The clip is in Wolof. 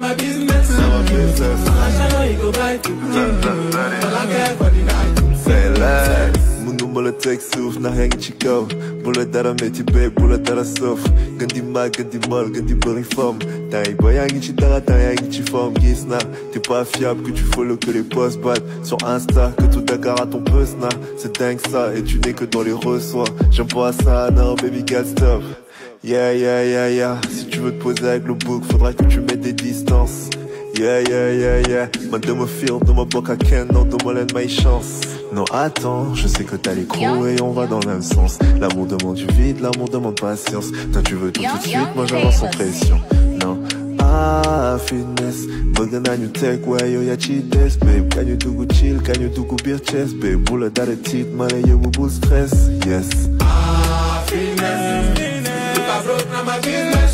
my business. My business. I know you go buy too. All I care for the night. Say less. Mundu mbala take suuf ndax yaa ngi ci kaw bu la dara métti béy bu la dara soof gën di màgg gën di mal gën di bëri forme temps yi ba yaa ngi ci dara temps yaa ngi ci forme gis na t'es pas fiable que tu follow que les posts battent sur Insta que tout Dakar à ton post na c'est dingue ça et tu n'es que dans les reçois j'aime pas ça non baby girl stop Yeah, yeah, yeah, yeah. Si tu veux te poser avec le book, faudra que tu mettes des distances. Yeah, yeah, yeah, yeah. demo feel, no more block I can, no demo land my chance. Non, attends, je sais que t'as les crocs et on va dans le même sens. L'amour demande du vide, l'amour demande patience. Toi, tu veux tout de suite, moi j'avance sans pression. Non. Ah, finesse. But then I you take where you ya cheat this, babe. Can you do good chill? Can you do good on my business.